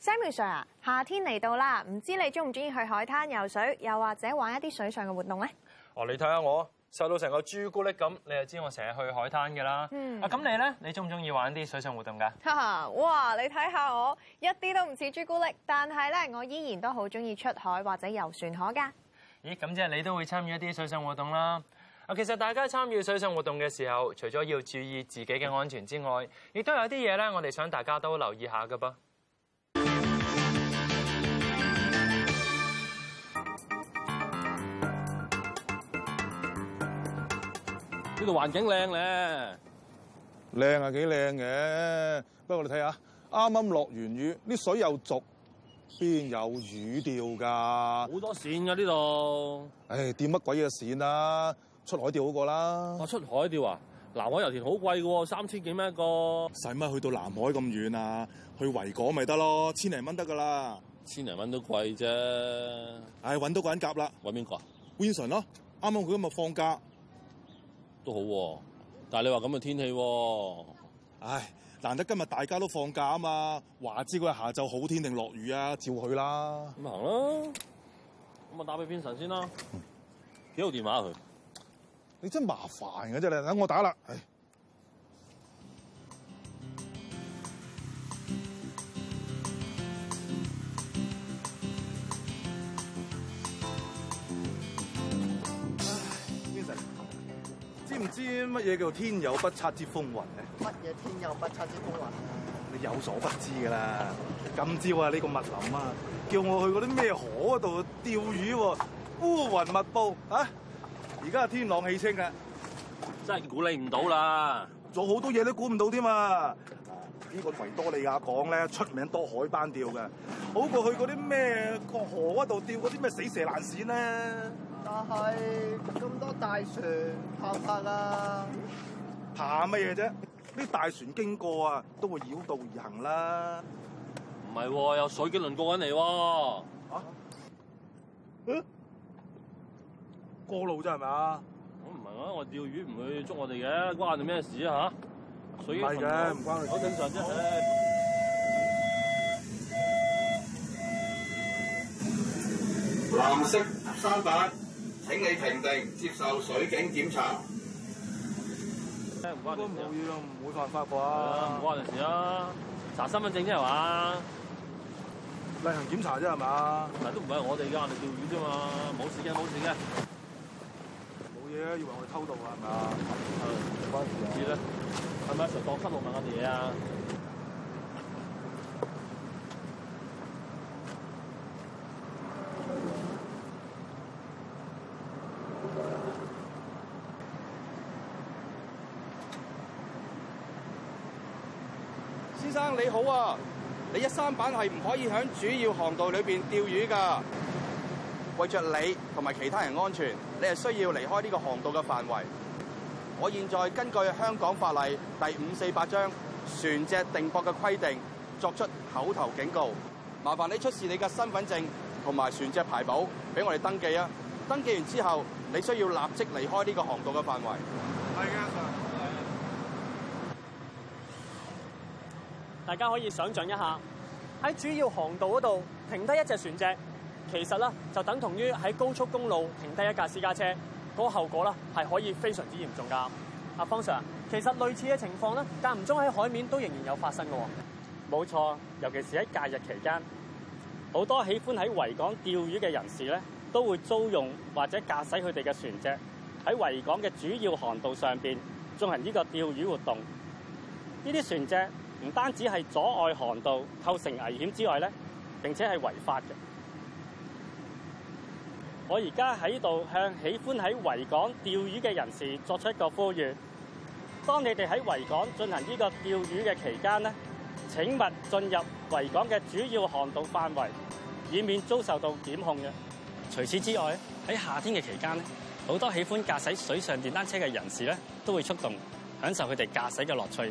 Samuel 啊，Sammy Sir, 夏天嚟到啦，唔知你中唔中意去海灘游水，又或者玩一啲水上嘅活動咧？哦，你睇下我瘦到成個朱古力咁，你就知我成日去海灘㗎啦。嗯，啊咁你咧，你中唔中意玩啲水上活動噶？哈哈，哇，你睇下我一啲都唔似朱古力，但係咧，我依然都好中意出海或者游船河噶。咦，咁即係你都會參與一啲水上活動啦。啊，其實大家參與水上活動嘅時候，除咗要注意自己嘅安全之外，亦都有啲嘢咧，我哋想大家都留意下噶噃。呢度環境靚咧、啊，靚啊，幾靚嘅，不過你睇下，啱啱落完雨，啲水又濁，邊有魚釣㗎？好多線㗎呢度。唉，釣乜鬼嘅線啊？出海釣好過啦。啊，出海釣啊？南海油田好貴嘅喎，三千幾蚊一個。使乜去到南海咁遠啊？去維港咪得咯，千零蚊得㗎啦。千零蚊都貴啫。唉、哎，揾到個人夾啦。揾邊個啊？Winson 咯，啱啱佢今日放假。都好、啊，但係你話咁嘅天氣、啊，唉，難得今日大家都放假啊嘛，話知佢係下晝好天定落雨啊，照去啦。咁行囉，咁啊打俾邊神先啦，幾號電話佢？你真麻煩嘅真係，等我打啦，唉唔知乜嘢叫天有不測之風雲咧？乜嘢天有不測之風雲啊？有雲啊，你有所不知噶啦！今朝啊，呢個密林啊，叫我去嗰啲咩河嗰度釣魚喎，啊，烏雲密布啊！而家係天朗氣清嘅，啊，真係估你唔到啦！仲好多嘢都估唔到添啊！呢個維多利亞港咧，出名多海班釣嘅，好過去嗰啲咩河嗰度釣嗰啲咩死蛇爛鱔咧。啊，係咁多大船泊泊啦！怕乜嘢啫？啲大船經過啊，都會繞道而行啦。唔係喎，有水警輪過緊嚟喎。過路啫係咪啊？我唔係啊，我釣魚唔會捉我哋嘅，關你咩事啊？吓？水警輪唔關我正、啊、常啫、啊。好欸、藍色三百。請你停定，接受水警檢查。應該冇要殺殺，唔會犯法啩？唔關人事啊！查身份證啫係嘛？例行檢查啫係嘛？嗱，都唔係我哋㗎，啊，我哋釣魚啫嘛，冇事嘅，冇事嘅。冇嘢啊，以為我哋偷渡啊，係嘛？係，唔關事啊。知啦，係咪就當失路問下嘢啊？Sir, 先生你好啊，你一三板係唔可以響主要航道裏邊釣魚噶為着你同埋其他人安全，你係需要離開呢個航道嘅範圍。我現在根據香港法例第五四八章船隻定泊嘅規定作出口頭警告，麻煩你出示你嘅身份證同埋船隻牌簿俾我哋登記啊！登記完之後，你需要立即離開呢個航道嘅範圍。係啊。大家可以想象一下，喺主要航道嗰度停低一隻船隻，其實咧就等同於喺高速公路停低一架私家車，嗰個後果咧係可以非常之嚴重噶。阿方 Sir，其實類似嘅情況咧，間唔中喺海面都仍然有發生噶。冇錯，尤其是喺假日期間，好多喜歡喺維港釣魚嘅人士咧，都會租用或者駕駛佢哋嘅船隻喺維港嘅主要航道上邊進行呢個釣魚活動。呢啲船隻。唔單止係阻礙航道、構成危險之外咧，並且係違法嘅。我而家喺度向喜歡喺維港釣魚嘅人士作出一個呼籲，當你哋喺維港進行呢個釣魚嘅期間咧，請勿進入維港嘅主要航道範圍，以免遭受到檢控嘅。除此之外，喺夏天嘅期間咧，好多喜歡駕駛水上電單車嘅人士咧，都會出動享受佢哋駕駛嘅樂趣。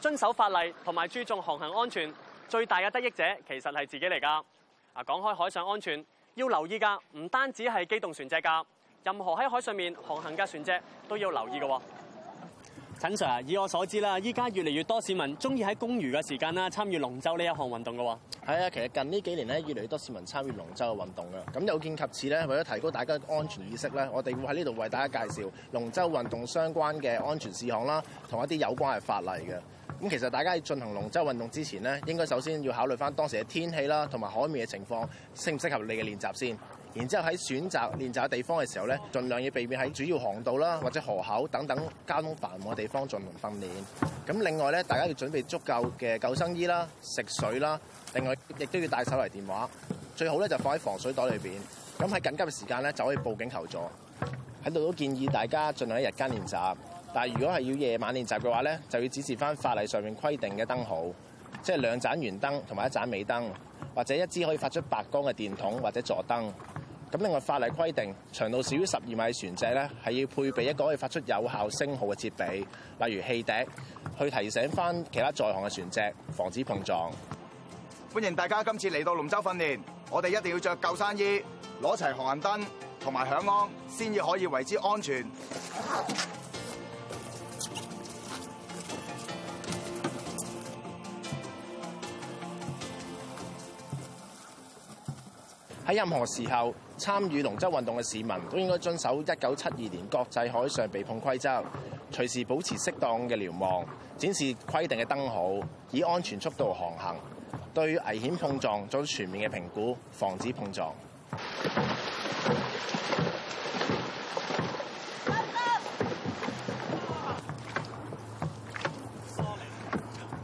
遵守法例同埋注重航行安全，最大嘅得益者其實係自己嚟㗎。啊，講開海上安全，要留意㗎，唔單止係機動船隻㗎，任何喺海上面航行嘅船隻都要留意㗎。陳 Sir 以我所知啦，依家越嚟越多市民中意喺公餘嘅時間啦參與龍舟呢一項運動嘅喎。係啊，其實近呢幾年咧，越嚟越多市民參與龍舟嘅運動嘅。咁有見及此咧，為咗提高大家安全意識咧，我哋會喺呢度為大家介紹龍舟運動相關嘅安全事項啦，同一啲有關嘅法例嘅。咁其實大家要進行龍舟運動之前咧，應該首先要考慮翻當時嘅天氣啦，同埋海面嘅情況適唔適合你嘅練習先。然之後喺選擇練習嘅地方嘅時候咧，盡量要避免喺主要航道啦，或者河口等等交通繁忙嘅地方進行訓練。咁另外咧，大家要準備足夠嘅救生衣啦、食水啦，另外亦都要帶手提電話，最好咧就放喺防水袋裏面。咁喺緊急嘅時間咧就可以報警求助。喺度都建議大家盡量一日間練習，但係如果係要夜晚練習嘅話咧，就要指示翻法例上面規定嘅燈號，即係兩盞圓燈同埋一盞尾燈，或者一支可以發出白光嘅電筒或者座燈。咁另外法例規定，長度少於十二米嘅船隻咧，係要配備一個可以發出有效聲號嘅設備，例如汽笛，去提醒翻其他在航嘅船隻，防止碰撞。歡迎大家今次嚟到龍舟訓練，我哋一定要着救生衣，攞齊航行燈同埋響鈎，先至可以為之安全。喺任何時候，參與龍舟運動嘅市民都應該遵守一九七二年國際海上避碰規則，隨時保持適當嘅瞭望，展示規定嘅燈號，以安全速度航行，對危險碰撞做全面嘅評估，防止碰撞。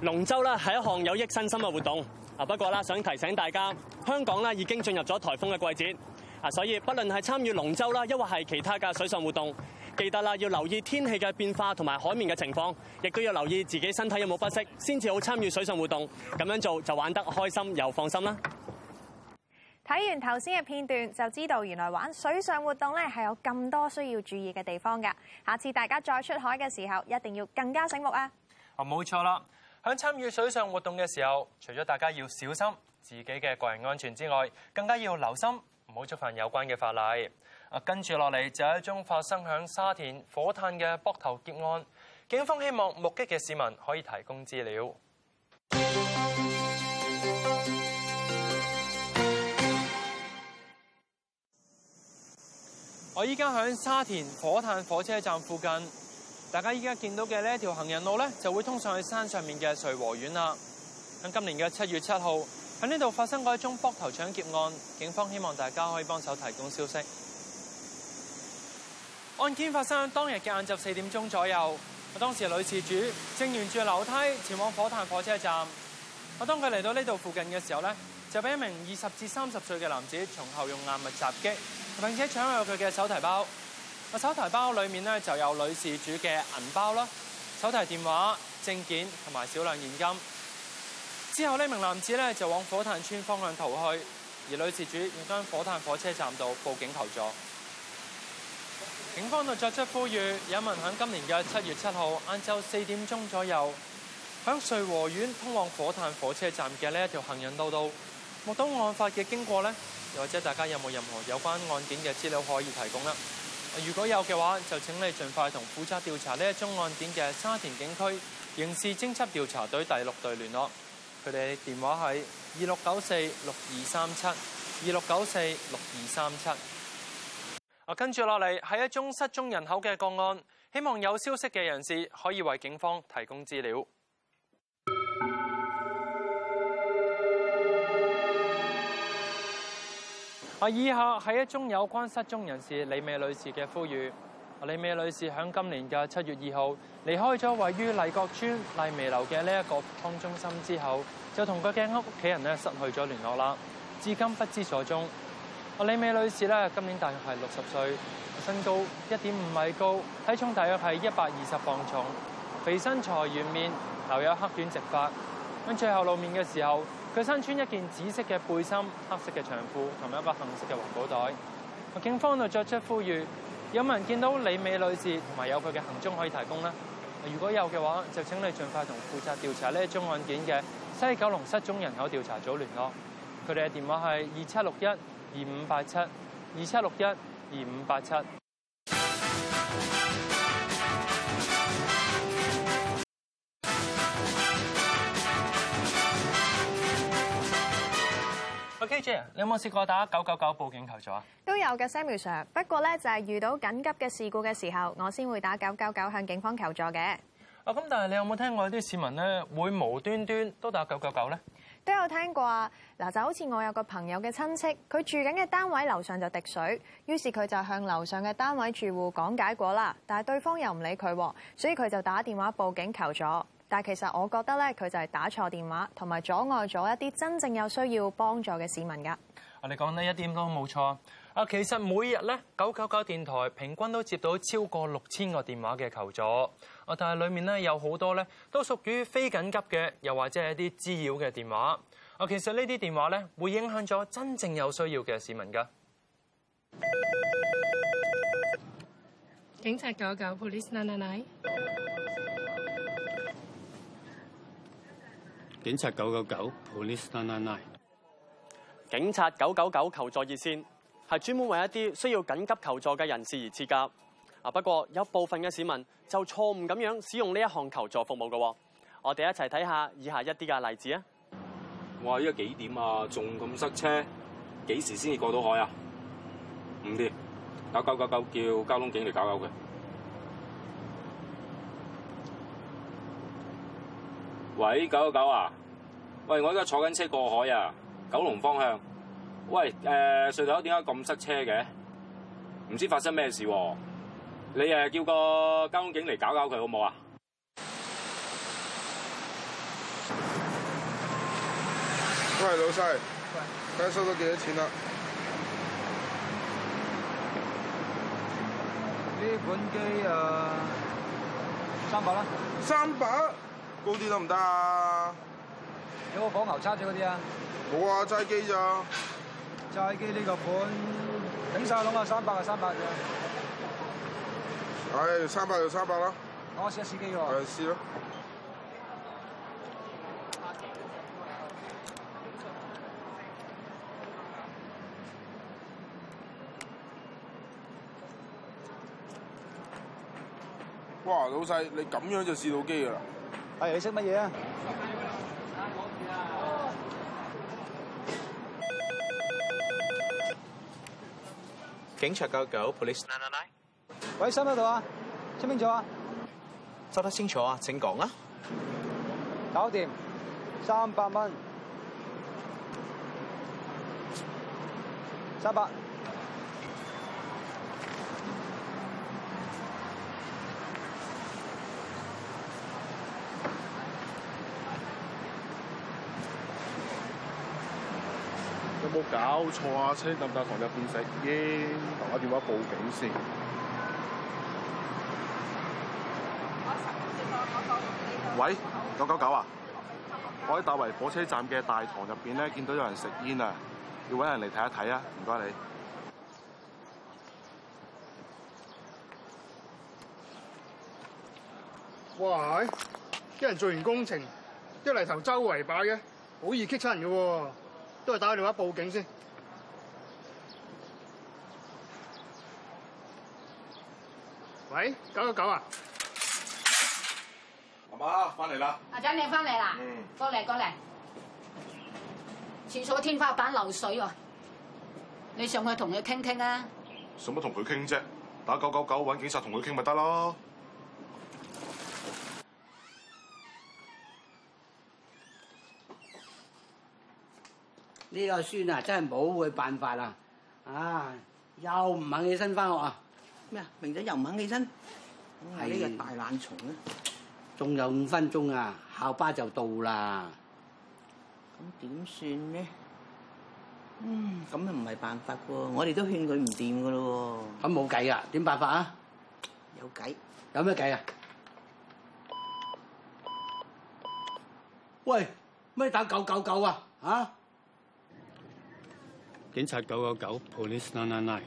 龍舟啦係一項有益身心嘅活動啊，不過啦，想提醒大家，香港呢已經進入咗颱風嘅季節。啊！所以不論係參與龍舟啦，抑或係其他嘅水上活動，記得啦，要留意天氣嘅變化同埋海面嘅情況，亦都要留意自己身體有冇不適，先至好參與水上活動。咁樣做就玩得開心又放心啦。睇完頭先嘅片段，就知道原來玩水上活動咧，係有咁多需要注意嘅地方㗎。下次大家再出海嘅時候，一定要更加醒目啊！啊，冇錯啦！響參與水上活動嘅時候，除咗大家要小心自己嘅個人安全之外，更加要留心。唔好觸犯有關嘅法例。啊，跟住落嚟就一宗發生喺沙田火炭嘅扑頭劫案，警方希望目擊嘅市民可以提供資料。我依家喺沙田火炭火車站附近，大家依家見到嘅呢一條行人路咧，就會通上去山上面嘅瑞和苑啦。喺今年嘅七月七號，喺呢度發生過一宗扑頭搶劫案，警方希望大家可以幫手提供消息。案件發生當日嘅晏晝四點鐘左右，當時女事主正沿住樓梯前往火炭火車站。當佢嚟到呢度附近嘅時候咧，就俾一名二十至三十歲嘅男子從後用硬物襲擊，並且搶走佢嘅手提包。手提包裏面呢就有女事主嘅銀包啦、手提電話、證件同埋少量現金。之後呢名男子咧就往火炭村方向逃去，而女事主亦喺火炭火車站度報警求助。警方就作出呼籲，有民響今年嘅七月七號晏晝四點鐘左右，響瑞和苑通往火炭火車站嘅呢一條行人道度目睹案發嘅經過呢，又或者大家有冇任何有關案件嘅資料可以提供啦？如果有嘅話，就請你盡快同負責調查呢一宗案件嘅沙田警區刑事偵緝調查隊第六隊聯絡。佢哋電話係二六九四六二三七，二六九四六二三七。啊，跟住落嚟係一宗失蹤人口嘅個案，希望有消息嘅人士可以為警方提供資料。啊，以下係一宗有關失蹤人士李美女士嘅呼籲。阿李美女士喺今年嘅七月二號離開咗位於麗閣村麗眉樓嘅呢一個康中心之後，就同佢嘅屋企人咧失去咗聯絡啦，至今不知所蹤。阿李美女士咧今年大約係六十歲，身高一點五米高，體重大約係一百二十磅重，肥身材圓面，留有黑短直髮。咁最後露面嘅時候，佢身穿一件紫色嘅背心、黑色嘅長褲，同埋一把杏色嘅環保袋。警方就作出呼籲。有冇人見到李美女士同埋有佢嘅行蹤可以提供呢？如果有嘅話，就請你盡快同負責調查呢一宗案件嘅西九龍失蹤人口調查組聯絡。佢哋嘅電話係二七六一二五八七，二七六一二五八七。k j 你有冇試過打九九九報警求助啊？都有嘅，Samuel sir。不過咧，就係遇到緊急嘅事故嘅時候，我先會打九九九向警方求助嘅。啊，咁但係你有冇聽過有啲市民咧會無端端都打九九九咧？都有聽過啊！嗱，就好似我有個朋友嘅親戚，佢住緊嘅單位樓上就滴水，於是佢就向樓上嘅單位住戶講解過啦，但係對方又唔理佢，所以佢就打電話報警求助。但其實我覺得咧，佢就係打錯電話，同埋阻礙咗一啲真正有需要幫助嘅市民噶。啊，你講得一點都冇錯啊！其實每日咧，九九九電台平均都接到超過六千個電話嘅求助啊，但係裡面呢，有好多咧都屬於非緊急嘅，又或者係一啲滋擾嘅電話啊。其實呢啲電話咧，會影響咗真正有需要嘅市民噶。警察九九九 Police，nine nine nine。警察九九九 Police Nine Nine Nine。警察九九九求助熱線係專門為一啲需要緊急求助嘅人士而設噶。啊，不過有部分嘅市民就錯誤咁樣使用呢一項求助服務嘅，我哋一齊睇下以下一啲嘅例子啊。哇！依家幾點啊？仲咁塞車，幾時先至過到海啊？五點，九九九九叫交通警嚟，搞搞佢。喂，九九九啊！喂，我而家坐緊車過海啊，九龍方向。喂，誒、呃，隧道口點解咁塞車嘅？唔知發生咩事、啊？你誒、啊、叫個交通警嚟搞搞佢好唔好啊？喂，老細，睇下喂收到幾多錢啊？呢款機啊，三百啦。三百。高啲得唔得啊？有冇火牛叉住嗰啲啊？冇、哎、啊，齋機咋？齋機呢個盤頂晒籠啊，三百啊，三百嘅。唉，三百就三百啦。我試一試機喎。係試咯。哇，老細，你咁樣就試到機噶啦！你識乜嘢啊？警察狗狗，police nine nine nine。喂，收唔收到啊？清唔清楚啊？收得清楚啊？請講啊。搞掂，三百蚊，三百。冇搞錯啊！車站大堂入邊食煙，打電話報警先。喂，九九九啊！我喺大圍火車站嘅大堂入邊咧，見到有人食煙啊！要揾人嚟睇一睇啊！唔該你。喂，啲人做完工程，一嚟頭周圍擺嘅，好易激親人嘅喎。都係打個電話報警先。喂，九九九啊，媽媽阿媽啊，翻嚟啦。阿仔你翻嚟啦。嗯。過嚟過嚟。廁所天花板漏水喎，你上去同佢傾傾啊。使乜同佢傾啫？打九九九搵警察同佢傾咪得咯。呢個孫啊，真係冇佢辦法啦！啊，又唔肯起身翻學啊？咩啊？明仔又唔肯起身，係呢個大懶蟲啊！仲有五分鐘啊，校巴就到啦。咁點算呢？嗯，咁又唔係辦法噶，我哋都勸佢唔掂噶咯喎。咁冇計啊？點辦法啊？有計。有咩計啊？喂，咩打九九九啊？吓？警察九九九，police nine nine nine。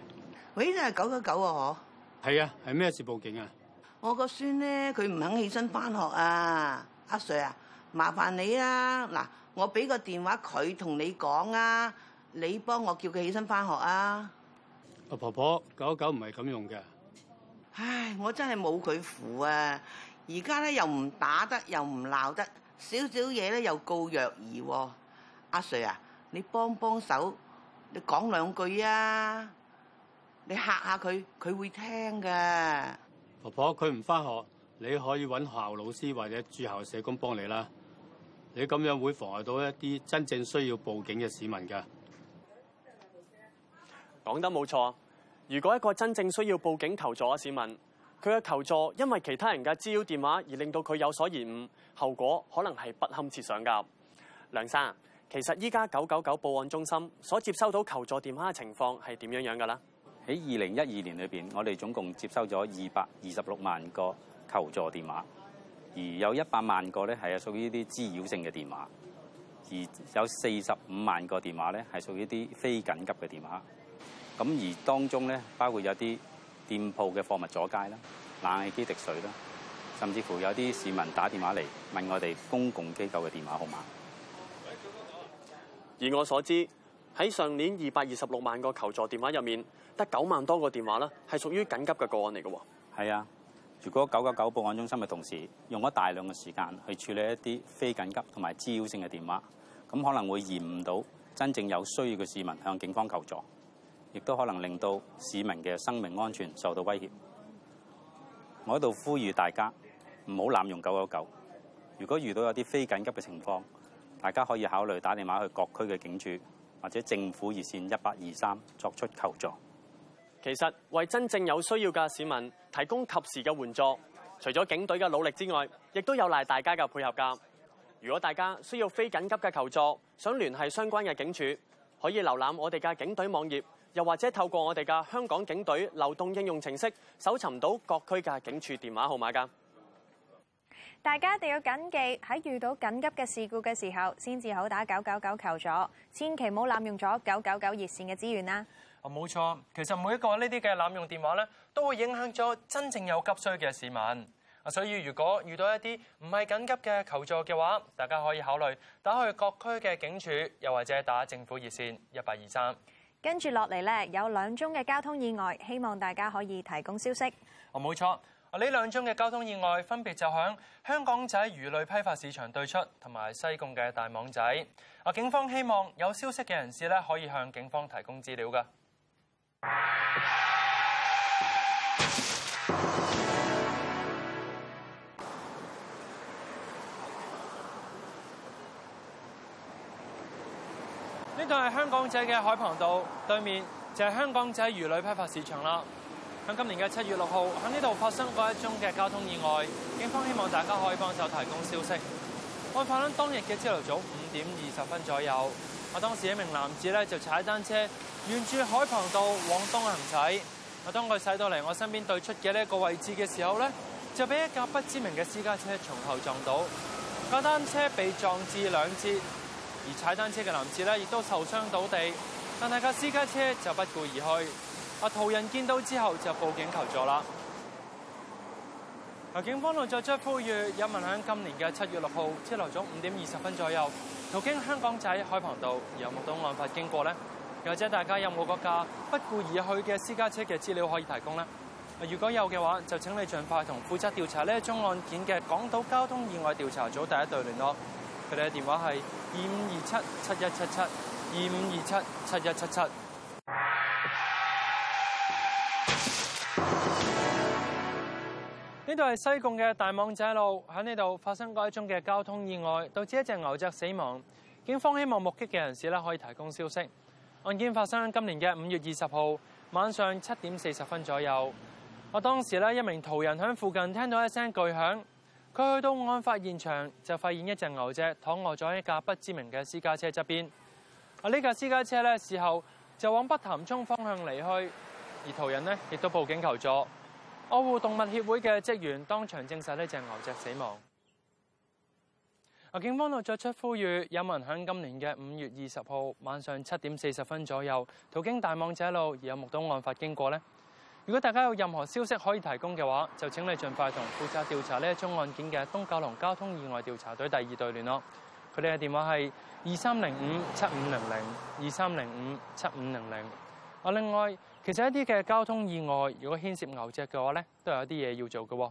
喂，真係九九九啊！嗬，係啊，係咩事報警啊？我個孫咧，佢唔肯起身翻學啊！阿 Sir 啊，麻煩你啊！嗱，我俾個電話佢同你講啊，你幫我叫佢起身翻學啊！阿、啊、婆婆，九九九唔係咁用嘅。唉，我真係冇佢扶啊！而家咧又唔打得，又唔鬧得，少少嘢咧又告弱兒喎。阿 Sir 啊，你幫幫手。你講兩句啊！你吓下佢，佢會聽噶。婆婆佢唔返學，你可以揾校老師或者駐校社工幫你啦。你咁樣會妨礙到一啲真正需要報警嘅市民噶。講得冇錯，如果一個真正需要報警求助嘅市民，佢嘅求助因為其他人嘅滋擾電話而令到佢有所延誤，後果可能係不堪設想噶。梁生。其實依家九九九報案中心所接收到求助電話嘅情況係點樣樣㗎啦？喺二零一二年裏邊，我哋總共接收咗二百二十六萬個求助電話，而有一百萬個咧係啊屬於啲滋擾性嘅電話，而有四十五萬個電話咧係屬於啲非緊急嘅電話。咁而當中咧包括有啲店鋪嘅貨物阻街啦、冷氣機滴水啦，甚至乎有啲市民打電話嚟問我哋公共機構嘅電話號碼。以我所知，喺上年二百二十六萬個求助電話入面，得九萬多個電話呢係屬於緊急嘅個案嚟嘅。係啊，如果九九九報案中心嘅同事用咗大量嘅時間去處理一啲非緊急同埋滋擾性嘅電話，咁可能會延誤到真正有需要嘅市民向警方求助，亦都可能令到市民嘅生命安全受到威脅。我喺度呼籲大家唔好濫用九九九。如果遇到有啲非緊急嘅情況，大家可以考慮打電話去各區嘅警署，或者政府熱線一八二三作出求助。其實為真正有需要嘅市民提供及時嘅援助，除咗警隊嘅努力之外，亦都有賴大家嘅配合㗎。如果大家需要非緊急嘅求助，想聯繫相關嘅警署，可以瀏覽我哋嘅警隊網頁，又或者透過我哋嘅香港警隊流動應用程式搜尋到各區嘅警署電話號碼㗎。大家一定要緊記喺遇到緊急嘅事故嘅時候，先至好打九九九求助，千祈唔好濫用咗九九九熱線嘅資源啦。哦，冇錯，其實每一個呢啲嘅濫用電話咧，都會影響咗真正有急需嘅市民。啊，所以如果遇到一啲唔係緊急嘅求助嘅話，大家可以考慮打去各區嘅警署，又或者打政府熱線一八二三。跟住落嚟咧，有兩宗嘅交通意外，希望大家可以提供消息。哦，冇錯。呢兩宗嘅交通意外分別就喺香港仔魚類批發市場對出，同埋西貢嘅大網仔。啊，警方希望有消息嘅人士咧，可以向警方提供資料噶。呢度係香港仔嘅海旁道，對面就係香港仔魚類批發市場啦。喺今年嘅七月六號，喺呢度發生過一宗嘅交通意外，警方希望大家可以幫手提供消息。案發當當日嘅朝頭早五點二十分左右，我當時一名男子咧就踩單車沿住海旁道往東行駛，當我當佢駛到嚟我身邊對出嘅呢一個位置嘅時候咧，就俾一架不知名嘅私家車從後撞到，架單車被撞至兩截，而踩單車嘅男子咧亦都受傷倒地，但係架私家車就不顧而去。阿途人見到之後就報警求助啦。嗱，警方路作出呼籲，有民響今年嘅七月六號車來咗五點二十分左右途經香港仔海旁道，有冇到案發經過呢？又或者大家有冇個架不顧而去嘅私家車嘅資料可以提供呢？如果有嘅話，就請你盡快同負責調查呢宗案件嘅港島交通意外調查組第一隊聯絡，佢哋嘅電話係二五二七七一七七二五二七七一七七。7呢度係西貢嘅大網仔路，喺呢度發生過一宗嘅交通意外，導致一隻牛隻死亡。警方希望目擊嘅人士可以提供消息。案件發生喺今年嘅五月二十號晚上七點四十分左右。我當時一名途人喺附近聽到一聲巨響，佢去到案發現場就發現一隻牛隻躺臥咗喺一架不知名嘅私家車側邊。啊，呢架私家車咧事後就往北潭涌方向離去，而途人呢亦都報警求助。愛護動物協會嘅職員當場證實呢隻牛隻死亡。啊，警方度作出呼籲，有冇人喺今年嘅五月二十號晚上七點四十分左右途經大網仔路而有目睹案發經過呢？如果大家有任何消息可以提供嘅話，就請你盡快同負責調查呢一宗案件嘅東九龍交通意外調查隊第二隊聯絡。佢哋嘅電話係二三零五七五零零二三零五七五零零。啊，另外。其實一啲嘅交通意外，如果牽涉牛隻嘅話咧，都有一啲嘢要做嘅喎。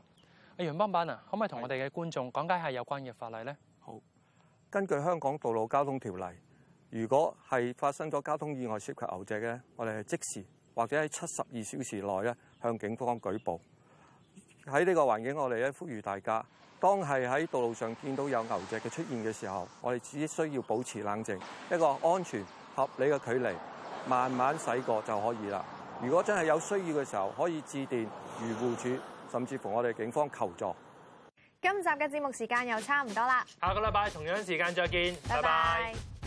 阿楊幫辦啊，可唔可以同我哋嘅觀眾講解下有關嘅法例咧？好，根據香港道路交通條例，如果係發生咗交通意外涉及牛隻嘅，我哋係即時或者喺七十二小時內咧向警方舉報。喺呢個環境，我哋咧呼籲大家，當係喺道路上見到有牛隻嘅出現嘅時候，我哋只需要保持冷靜，一個安全合理嘅距離，慢慢駛過就可以啦。如果真係有需要嘅時候，可以致電漁護署，甚至乎我哋警方求助。今集嘅節目時間又差唔多啦，下個禮拜同樣時間再見，拜拜。拜拜。